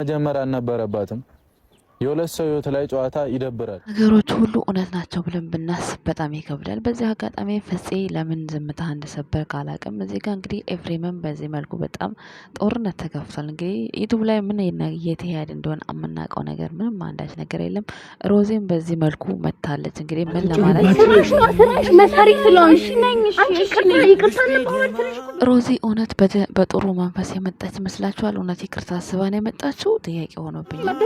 መጀመሪያ አልነበረባትም። የሁለት ሰው ህይወት ላይ ጨዋታ ይደብራል። ነገሮች ሁሉ እውነት ናቸው ብለን ብናስብ በጣም ይከብዳል። በዚህ አጋጣሚ ፍፄ ለምን ዝምታ እንደሰበር ካላቅም እዚህ ጋር እንግዲህ ኤፍሬምን በዚህ መልኩ በጣም ጦርነት ተከፍቷል። እንግዲህ ዩቱብ ላይ ምን እየተሄድ እንደሆነ የምናውቀው ነገር ምንም አንዳች ነገር የለም። ሮዜም በዚህ መልኩ መታለች። እንግዲህ ምን ለማለት ሮዚ እውነት በጥሩ መንፈስ የመጣች ይመስላችኋል? እውነት ይቅርታ አስባ የመጣችው? ጥያቄ ሆኖብኛል።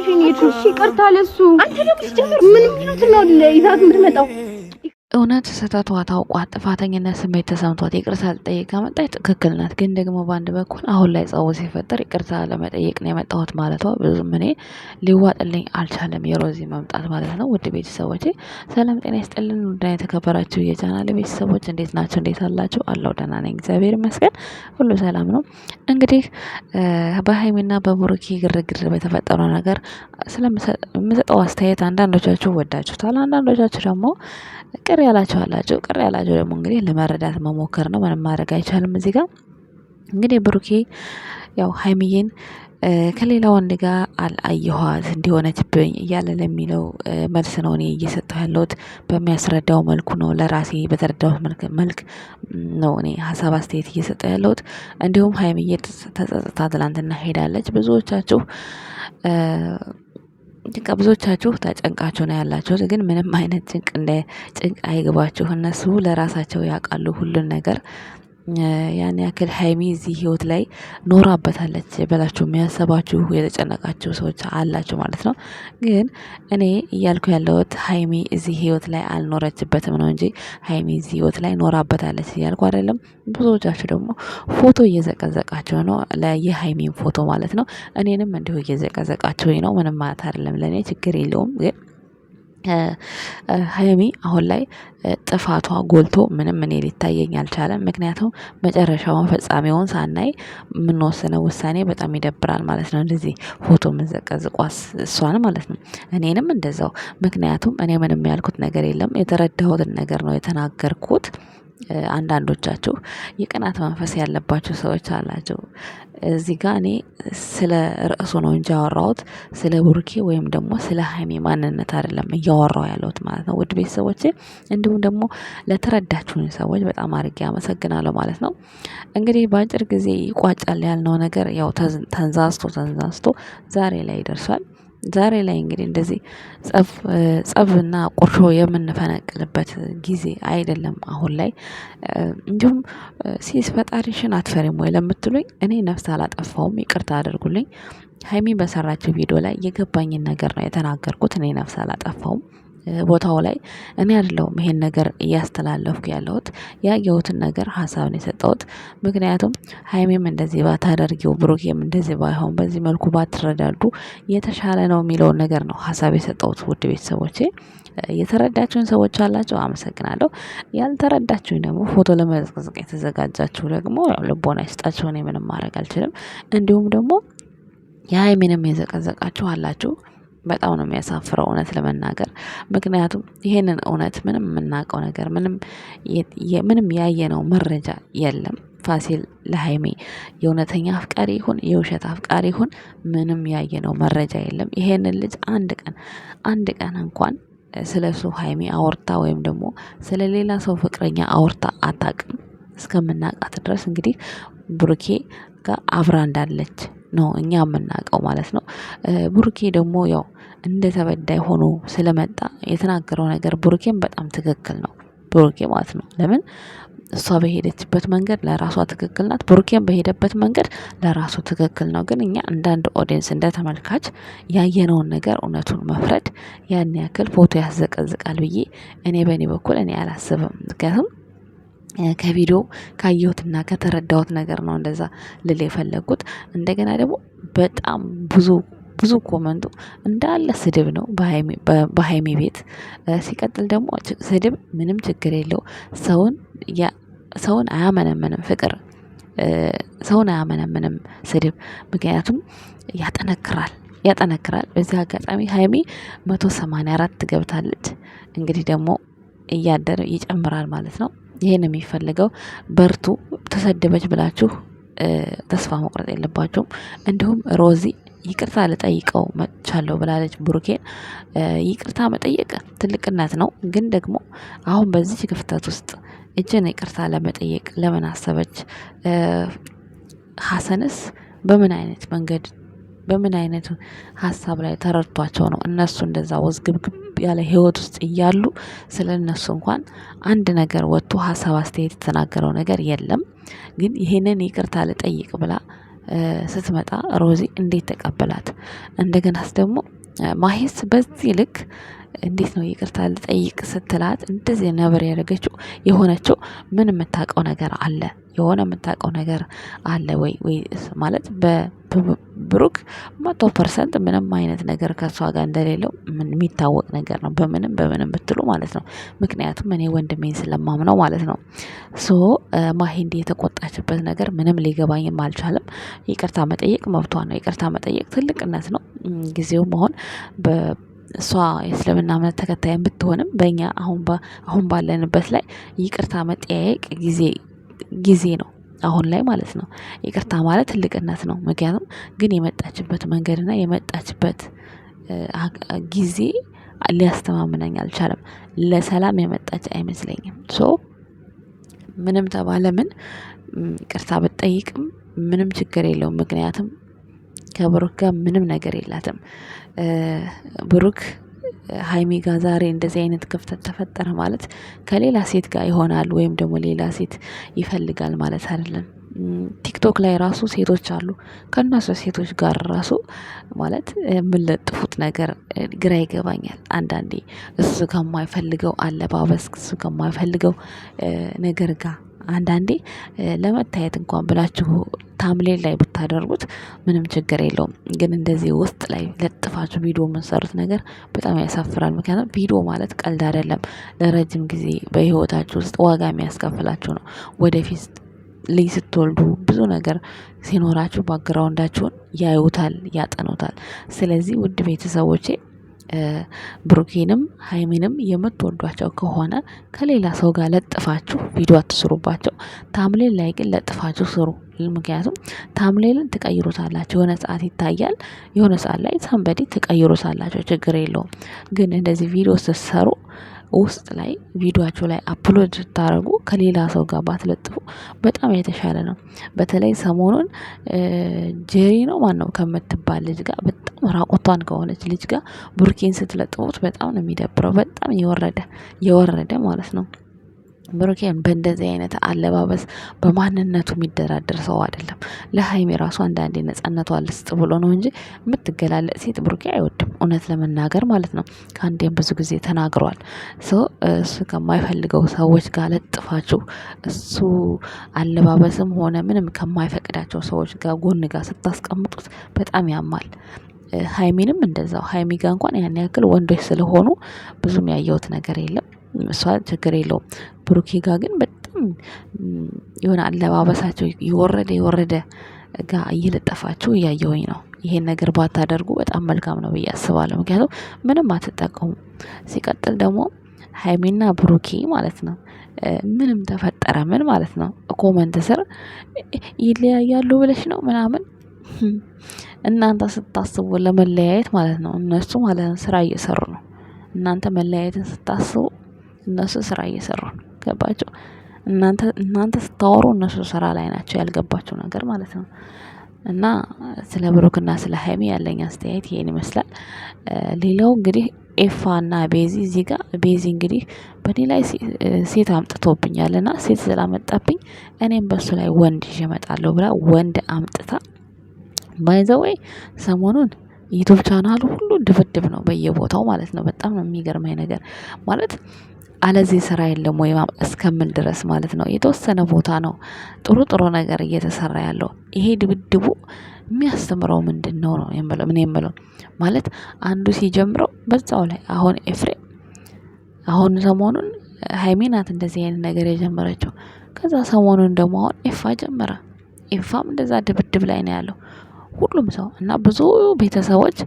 ይቅርታ ለሱ አንተ ደግሞ ሲጀምር ምን ብሎት ነው ይዛት የምትመጣው? እውነት ስህተቷ ታውቋ ጥፋተኝነት ስሜት ተሰምቷት ይቅርታ ልጠይቅ ከመጣች ትክክል ናት። ግን ደግሞ በአንድ በኩል አሁን ላይ ጸቡ ሲፈጠር ይቅርታ ለመጠየቅ ነው የመጣሁት ማለቷ ብዙም እኔ ሊዋጥልኝ አልቻለም፣ የሮዚ መምጣት ማለት ነው። ውድ ቤተሰቦች ሰላም ጤና ይስጥልን። ውድና የተከበራችሁ የቻናል ቤተሰቦች እንዴት ናቸው? እንዴት አላችሁ? አለው ደህና ነኝ፣ እግዚአብሔር ይመስገን፣ ሁሉ ሰላም ነው። እንግዲህ በሀይሚና በቡሩኪ ግርግር በተፈጠረ ነገር ስለምሰጠው አስተያየት አንዳንዶቻችሁ ወዳችሁታል፣ አንዳንዶቻችሁ ደግሞ ቅር ያላቸው አላቸው፣ ቅር ያላቸው ደግሞ እንግዲህ ለመረዳት መሞከር ነው። ምንም ማድረግ አይቻልም። እዚህ ጋር እንግዲህ ብሩኬ ያው ሀይሚዬን ከሌላ ወንድ ጋር አልአየኋት ብኝ እያለ ለሚለው መልስ ነው እኔ እየሰጠሁ ያለሁት። በሚያስረዳው መልኩ ነው፣ ለራሴ በተረዳሁት መልክ ነው እኔ ሀሳብ አስተያየት እየሰጠሁ ያለሁት። እንዲሁም ሀይሚዬ ተጸጽታ ትላንትና ሄዳለች። ብዙዎቻችሁ ጭንቃ ብዙዎቻችሁ ተጨንቃችሁ ነው ያላችሁት፣ ግን ምንም አይነት ጭንቅ እንደ ጭንቅ አይግባችሁ። እነሱ ለራሳቸው ያውቃሉ ሁሉን ነገር ያን ያክል ሀይሚ እዚህ ህይወት ላይ ኖራበታለች በላችሁ የሚያሰባችሁ የተጨነቃችሁ ሰዎች አላችሁ ማለት ነው። ግን እኔ እያልኩ ያለሁት ሀይሚ እዚህ ህይወት ላይ አልኖረችበትም ነው እንጂ ሀይሚ እዚህ ህይወት ላይ ኖራበታለች እያልኩ አይደለም። ብዙዎቻችሁ ደግሞ ፎቶ እየዘቀዘቃችሁ ነው፣ የሀይሚን ፎቶ ማለት ነው። እኔንም እንዲሁ እየዘቀዘቃችሁ ነው። ምንም ማለት አይደለም፣ ለእኔ ችግር የለውም ግን ሀይሚ አሁን ላይ ጥፋቷ ጎልቶ ምንም እኔ ሊታየኝ አልቻለም። ምክንያቱም መጨረሻውን ፍጻሜውን ሳናይ የምንወስነው ውሳኔ በጣም ይደብራል ማለት ነው። እንደዚህ ፎቶ የምንዘቀዝቋስ እሷን ማለት ነው እኔንም እንደዛው። ምክንያቱም እኔ ምንም ያልኩት ነገር የለም የተረዳሁትን ነገር ነው የተናገርኩት። አንዳንዶቻችሁ የቅናት መንፈስ ያለባቸው ሰዎች አላቸው። እዚህ ጋ እኔ ስለ ርዕሱ ነው እንጂ ያወራሁት ስለ ቡርኬ ወይም ደግሞ ስለ ሀይሜ ማንነት አይደለም እያወራሁ ያለሁት ማለት ነው። ውድ ቤተሰቦቼ እንዲሁም ደግሞ ለተረዳችሁኝ ሰዎች በጣም አድርጌ አመሰግናለሁ ማለት ነው። እንግዲህ በአጭር ጊዜ ይቋጫል ያልነው ነገር ያው ተንዛዝቶ ተንዛዝቶ ዛሬ ላይ ይደርሷል። ዛሬ ላይ እንግዲህ እንደዚህ ጸብ ጸብና ቁርሾ የምንፈነቅልበት ጊዜ አይደለም አሁን ላይ። እንዲሁም ሲስ ፈጣሪሽን አትፈሪም ወይ ለምትሉኝ እኔ ነፍስ አላጠፋውም፣ ይቅርታ አድርጉልኝ። ሀይሚ በሰራችው ቪዲዮ ላይ የገባኝን ነገር ነው የተናገርኩት። እኔ ነፍስ አላጠፋውም። ቦታው ላይ እኔ አይደለሁም ይሄን ነገር እያስተላለፍኩ ያለሁት ያየሁትን ነገር ሀሳብን የሰጠሁት። ምክንያቱም ሀይሜም እንደዚህ ባታደርጊው ብሩኬም እንደዚህ ባይሆን በዚህ መልኩ ባትረዳዱ የተሻለ ነው የሚለውን ነገር ነው ሀሳብ የሰጠሁት። ውድ ቤተሰቦቼ የተረዳችሁን ሰዎች አላቸው፣ አመሰግናለሁ። ያልተረዳችሁኝ ደግሞ ፎቶ ለመቀዝቀዝ የተዘጋጃችሁ ደግሞ ልቦና ይስጣችሁ፣ ምንም ማድረግ አልችልም። እንዲሁም ደግሞ የሀይሜንም የዘቀዘቃችሁ አላችሁ በጣም ነው የሚያሳፍረው እውነት ለመናገር ምክንያቱም ይሄንን እውነት ምንም የምናውቀው ነገር ምንም ያየነው መረጃ የለም። ፋሲል ለሀይሜ የእውነተኛ አፍቃሪ ይሁን የውሸት አፍቃሪ ይሁን ምንም ያየነው መረጃ የለም። ይሄንን ልጅ አንድ ቀን አንድ ቀን እንኳን ስለ እሱ ሀይሜ አውርታ ወይም ደግሞ ስለ ሌላ ሰው ፍቅረኛ አውርታ አታውቅም። እስከምናውቃት ድረስ እንግዲህ ብሩኬ ጋር አብራ እንዳለች ነው እኛ የምናውቀው ማለት ነው። ቡርኬ ደግሞ ያው እንደ ተበዳይ ሆኖ ስለመጣ የተናገረው ነገር ቡርኬም በጣም ትክክል ነው። ቡርኬ ማለት ነው ለምን እሷ በሄደችበት መንገድ ለራሷ ትክክል ናት። ቡርኬም በሄደበት መንገድ ለራሱ ትክክል ነው። ግን እኛ እንዳንድ ኦዲየንስ እንደ ተመልካች ያየነውን ነገር እውነቱን መፍረድ ያን ያክል ፎቶ ያዘቀዝቃል ብዬ እኔ በእኔ በኩል እኔ አላስብም። ምክንያቱም ከቪዲዮ ካየሁትና ከተረዳሁት ነገር ነው እንደዛ ልል የፈለግኩት። እንደገና ደግሞ በጣም ብዙ ብዙ ኮመንቱ እንዳለ ስድብ ነው በሀይሚ ቤት። ሲቀጥል ደግሞ ስድብ ምንም ችግር የለው ሰውን ሰውን አያመነምንም ፍቅር ሰውን አያመነምንም ስድብ ምክንያቱም ያጠነክራል ያጠነክራል። በዚህ አጋጣሚ ሀይሚ መቶ ሰማንያ አራት ገብታለች። እንግዲህ ደግሞ እያደረ ይጨምራል ማለት ነው። ይህን የሚፈልገው። በርቱ። ተሰደበች ብላችሁ ተስፋ መቁረጥ የለባችሁም። እንዲሁም ሮዚ ይቅርታ ልጠይቀው መቻለሁ ብላለች ብሩኬን። ይቅርታ መጠየቅ ትልቅነት ነው፣ ግን ደግሞ አሁን በዚህ ክፍተት ውስጥ እጅን ይቅርታ ለመጠየቅ ለምን አሰበች? ሀሰንስ በምን አይነት መንገድ በምን አይነት ሀሳብ ላይ ተረድቷቸው ነው እነሱ እንደዛ ወዝግብግብ ያለ ህይወት ውስጥ እያሉ ስለ እነሱ እንኳን አንድ ነገር ወጥቶ ሀሳብ አስተያየት የተናገረው ነገር የለም። ግን ይህንን ይቅርታ ልጠይቅ ብላ ስትመጣ ሮዚ እንዴት ተቀበላት? እንደገናስ ደግሞ ማሄስ በዚህ ልክ እንዴት ነው ይቅርታ ልጠይቅ ስትላት እንደዚህ ነበር ያደረገችው የሆነችው ምን የምታውቀው ነገር አለ የሆነ የምታውቀው ነገር አለ ወይ ወይ ማለት በብሩክ መቶ ፐርሰንት ምንም አይነት ነገር ከእሷ ጋር እንደሌለው የሚታወቅ ነገር ነው። በምንም በምንም ብትሉ ማለት ነው። ምክንያቱም እኔ ወንድሜን ስለማምነው ማለት ነው። ሶ ማሂንዲ የተቆጣችበት ነገር ምንም ሊገባኝም አልቻለም። ይቅርታ መጠየቅ መብቷ ነው። ይቅርታ መጠየቅ ትልቅነት ነው። ጊዜው መሆን እሷ የእስልምና እምነት ተከታይም ብትሆንም በእኛ አሁን ባለንበት ላይ ይቅርታ መጠያየቅ ጊዜ ጊዜ ነው አሁን ላይ ማለት ነው። ይቅርታ ማለት ትልቅነት ነው። ምክንያቱም ግን የመጣችበት መንገድ የመጣችበት ጊዜ ሊያስተማምነኝ አልቻለም ለሰላም የመጣች አይመስለኝም። ሶ ምንም ተባለ ምን ቅርታ ብጠይቅም ምንም ችግር የለውም። ምክንያቱም ከብሩክ ጋር ምንም ነገር የላትም። ብሩክ ሀይሚ ጋ ዛሬ እንደዚህ አይነት ክፍተት ተፈጠረ ማለት ከሌላ ሴት ጋር ይሆናል ወይም ደግሞ ሌላ ሴት ይፈልጋል ማለት አይደለም። ቲክቶክ ላይ ራሱ ሴቶች አሉ ከእነሱ ሴቶች ጋር ራሱ ማለት የምንለጥፉት ነገር ግራ ይገባኛል። አንዳንዴ እሱ ከማይፈልገው አለባበስ እሱ ከማይፈልገው ነገር ጋር አንዳንዴ ለመታየት እንኳን ብላችሁ ታምሌል ላይ ብታደርጉት ምንም ችግር የለውም። ግን እንደዚህ ውስጥ ላይ ለጥፋችሁ ቪዲዮ የምንሰሩት ነገር በጣም ያሳፍራል። ምክንያቱም ቪዲዮ ማለት ቀልድ አይደለም። ለረጅም ጊዜ በህይወታችሁ ውስጥ ዋጋ የሚያስከፍላችሁ ነው። ወደፊት ልጅ ስትወልዱ ብዙ ነገር ሲኖራችሁ ባግራውንዳችሁን ያዩታል፣ ያጠኑታል። ስለዚህ ውድ ቤተሰቦቼ ብሩኬንም ሀይሚንም የምትወዷቸው ከሆነ ከሌላ ሰው ጋር ለጥፋችሁ ቪዲዮ አትስሩባቸው። ታምሌል ላይ ግን ለጥፋችሁ ስሩ። ምክንያቱም ታምሌልን ትቀይሩታላችሁ። የሆነ ሰዓት ይታያል፣ የሆነ ሰዓት ላይ ሰንበዲ ትቀይሩታላቸው። ችግር የለውም። ግን እንደዚህ ቪዲዮ ስትሰሩ ውስጥ ላይ ቪዲዮቸው ላይ አፕሎድ ስታደርጉ ከሌላ ሰው ጋር ባትለጥፉ በጣም የተሻለ ነው። በተለይ ሰሞኑን ጄሪ ነው ነው ከምትባል ልጅ ጋር በጣም ራቁቷን ከሆነች ልጅ ጋር ቡርኪን ስትለጥፉት በጣም ነው የሚደብረው። በጣም የወረደ የወረደ ማለት ነው። ብሩኬን በእንደዚህ አይነት አለባበስ በማንነቱ የሚደራደር ሰው አይደለም። ለሀይሜ ራሱ አንዳንዴ ነጻነቷ ልስጥ ብሎ ነው እንጂ የምትገላለጥ ሴት ብሩኬ አይወድም። እውነት ለመናገር ማለት ነው። ከአንዴም ብዙ ጊዜ ተናግሯል። እሱ ከማይፈልገው ሰዎች ጋር ለጥፋችሁ እሱ አለባበስም ሆነ ምንም ከማይፈቅዳቸው ሰዎች ጋር ጎን ጋር ስታስቀምጡት በጣም ያማል። ሀይሚንም እንደዛው ሀይሚ ጋር እንኳን ያን ያክል ወንዶች ስለሆኑ ብዙም ያየሁት ነገር የለም። እሷ ችግር የለውም። ብሩኬ ጋ ግን በጣም የሆነ አለባበሳቸው የወረደ የወረደ ጋ እየለጠፋችሁ እያየውኝ ነው። ይሄን ነገር ባታደርጉ በጣም መልካም ነው ብዬ አስባለሁ። ምክንያቱም ምንም አትጠቀሙ? ሲቀጥል ደግሞ ሀይሚና ብሩኬ ማለት ነው ምንም ተፈጠረ ምን ማለት ነው? ኮመንት ስር ይለያያሉ ብለሽ ነው ምናምን እናንተ ስታስቡ ለመለያየት ማለት ነው። እነሱ ማለት ነው ስራ እየሰሩ ነው። እናንተ መለያየትን ስታስቡ እነሱ ስራ እየሰሩ ነው ገባችሁ እናንተ እናንተ ስታወሩ እነሱ ስራ ላይ ናቸው ያልገባቸው ነገር ማለት ነው። እና ስለ ብሩክና ስለ ሀይሚ ያለኝ አስተያየት ይሄን ይመስላል። ሌላው እንግዲህ እና ቤዚ እዚህ ጋር ቤዚ እንግዲህ በእኔ ላይ ሴት አምጥቶብኛል እና ሴት ስላመጣብኝ እኔም በሱ ላይ ወንድ ይዤ እመጣለሁ ብላ ወንድ አምጥታ ባይዘወይ ሰሞኑን ዩቱብ ቻናሉ ሁሉ ድብድብ ነው በየቦታው ማለት ነው። በጣም ነው የሚገርመኝ ነገር ማለት አለዚህ ስራ የለም ወይ እስከምን ድረስ ማለት ነው። የተወሰነ ቦታ ነው ጥሩ ጥሩ ነገር እየተሰራ ያለው። ይሄ ድብድቡ የሚያስተምረው ምንድን ነው ነው የምለው ምን የምለው ማለት አንዱ ሲጀምረው በዛው ላይ አሁን ኤፍሬ አሁን ሰሞኑን ሀይሚ ናት እንደዚህ አይነት ነገር የጀመረችው። ከዛ ሰሞኑን ደግሞ አሁን ኤፋ ጀመረ። ኤፋም እንደዛ ድብድብ ላይ ነው ያለው ሁሉም ሰው እና ብዙ ቤተሰቦች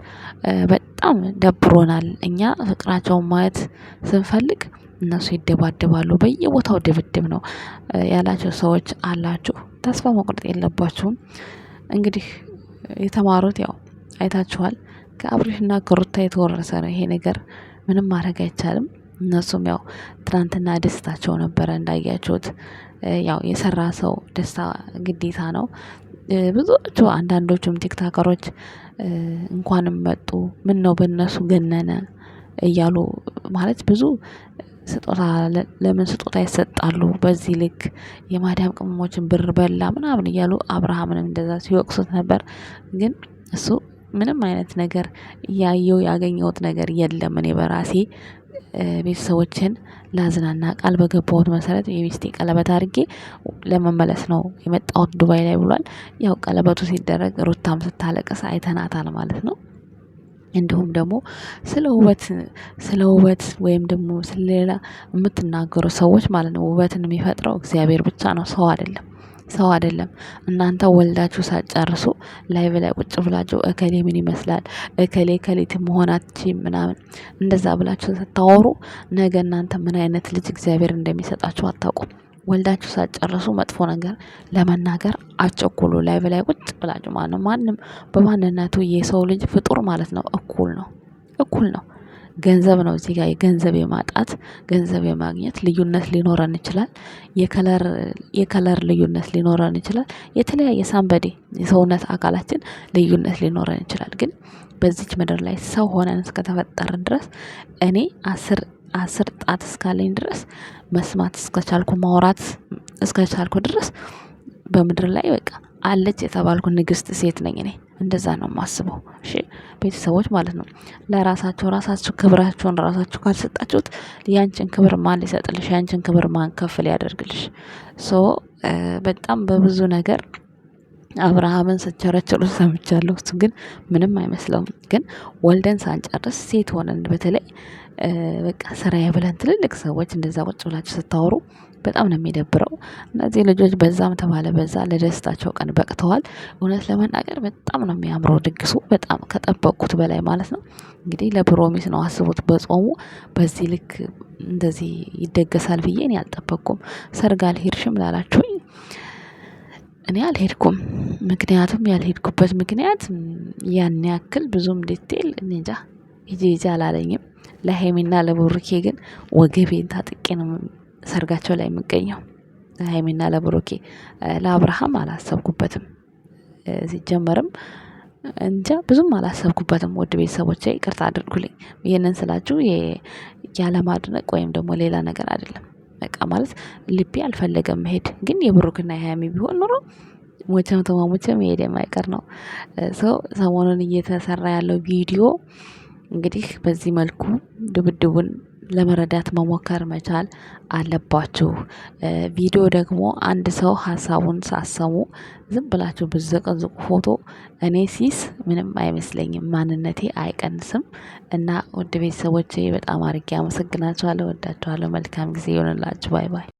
በጣም ደብሮናል። እኛ ፍቅራቸውን ማየት ስንፈልግ እነሱ ይደባደባሉ። በየቦታው ድብድብ ነው ያላቸው ሰዎች አላችሁ ተስፋ መቁረጥ የለባችሁም። እንግዲህ የተማሩት ያው አይታችኋል ከአብሪሽና ከሩታ የተወረሰ ነው ይሄ ነገር ምንም ማድረግ አይቻልም። እነሱም ያው ትናንትና ደስታቸው ነበረ እንዳያችሁት ያው የሰራ ሰው ደስታ ግዴታ ነው። ብዙዎቹ አንዳንዶቹም ቲክታከሮች እንኳንም መጡ ነው በእነሱ ገነነ እያሉ ማለት ብዙ ስጦታ ለምን ስጦታ ይሰጣሉ በዚህ ልክ የማዳም ቅመሞችን ብር በላ ምናምን እያሉ አብርሃምንም እንደዛ ሲወቅሱት ነበር። ግን እሱ ምንም አይነት ነገር ያየው ያገኘሁት ነገር የለም። እኔ በራሴ ቤተሰቦችን ላዝናና ቃል በገባሁት መሰረት የሚስቴ ቀለበት አድርጌ ለመመለስ ነው የመጣሁት ዱባይ ላይ ብሏል። ያው ቀለበቱ ሲደረግ ሩታም ስታለቅስ አይተናታል ማለት ነው እንዲሁም ደግሞ ስለ ውበት ስለ ውበት ወይም ደግሞ ስለሌላ የምትናገሩ ሰዎች ማለት ነው ውበትን የሚፈጥረው እግዚአብሔር ብቻ ነው ሰው አይደለም ሰው አይደለም። እናንተ ወልዳችሁ ሳትጨርሱ ላይ ላይ ቁጭ ብላችሁ እከሌ ምን ይመስላል እከሌ ከሌት መሆናች ምናምን እንደዛ ብላችሁ ስታወሩ ነገ እናንተ ምን አይነት ልጅ እግዚአብሔር እንደሚሰጣችሁ አታውቁም። ወልዳችሁ ሳትጨርሱ መጥፎ ነገር ለመናገር አትቸኩሉ። ላይ በላይ ቁጭ ብላችሁ ማለት ነው። ማንም በማንነቱ የሰው ልጅ ፍጡር ማለት ነው እኩል ነው እኩል ነው። ገንዘብ ነው እዚህ ጋር የገንዘብ የማጣት ገንዘብ የማግኘት ልዩነት ሊኖረን ይችላል። የከለር የከለር ልዩነት ሊኖረን ይችላል። የተለያየ ሳንበዴ የሰውነት አካላችን ልዩነት ሊኖረን ይችላል። ግን በዚች ምድር ላይ ሰው ሆነን እስከተፈጠርን ድረስ እኔ አስር አስር ጣት እስካለኝ ድረስ መስማት እስከቻልኩ ማውራት እስከቻልኩ ድረስ በምድር ላይ በቃ አለች የተባልኩ ንግስት ሴት ነኝ እኔ። እንደዛ ነው የማስበው። እሺ ቤተሰቦች ማለት ነው። ለራሳቸው ራሳቸው ክብራቸውን ራሳቸው ካልሰጣችሁት ያንችን ክብር ማን ሊሰጥልሽ? ያንችን ክብር ማን ከፍ ሊያደርግልሽ? ሶ በጣም በብዙ ነገር አብርሃምን ስቸረችሩ ሰምቻለሁ። እሱ ግን ምንም አይመስለውም። ግን ወልደን ሳንጨርስ ሴት ሆነን በተለይ በቃ ስራዬ ብለን ትልልቅ ሰዎች እንደዛ ቁጭ ብላችሁ ስታወሩ በጣም ነው የሚደብረው። እነዚህ ልጆች በዛም ተባለ በዛ ለደስታቸው ቀን በቅተዋል። እውነት ለመናገር በጣም ነው የሚያምረው ድግሱ፣ በጣም ከጠበቅኩት በላይ ማለት ነው። እንግዲህ ለፕሮሚስ ነው አስቡት። በጾሙ በዚህ ልክ እንደዚህ ይደገሳል ብዬ እኔ አልጠበቅኩም። ሰርግ አልሄድሽም ላላችሁኝ እኔ አልሄድኩም ምክንያቱም ያልሄድኩበት ምክንያት ያን ያክል ብዙም ዲቴል እንጃ ሂጂ ሂጂ አላለኝም። ለሃይሚና ለብሩኬ ግን ወገቤን ታጥቄ ነው ሰርጋቸው ላይ የምገኘው። ለሃይሚና ለብሩኬ ለአብርሃም አላሰብኩበትም። ሲጀመርም እንጃ ብዙም አላሰብኩበትም። ውድ ቤተሰቦች ይቅርታ አድርጉልኝ። ይህንን ስላችሁ ያለማድነቅ ወይም ደግሞ ሌላ ነገር አይደለም። በቃ ማለት ልቤ አልፈለገም መሄድ። ግን የብሩክና የሀይሚ ቢሆን ኑሮ ሞቸም ተማሞቸ መሄድ የማይቀር ነው። ሰው ሰሞኑን እየተሰራ ያለው ቪዲዮ እንግዲህ በዚህ መልኩ ድብድቡን ለመረዳት መሞከር መቻል አለባችሁ። ቪዲዮ ደግሞ አንድ ሰው ሀሳቡን ሳሰሙ ዝም ብላችሁ ብዘቀዝቁ ፎቶ እኔ ሲስ ምንም አይመስለኝም፣ ማንነቴ አይቀንስም። እና ውድ ቤተሰቦቼ በጣም አድርጌ አመሰግናችኋለሁ፣ ወዳችኋለሁ። መልካም ጊዜ ይሆንላችሁ። ባይ ባይ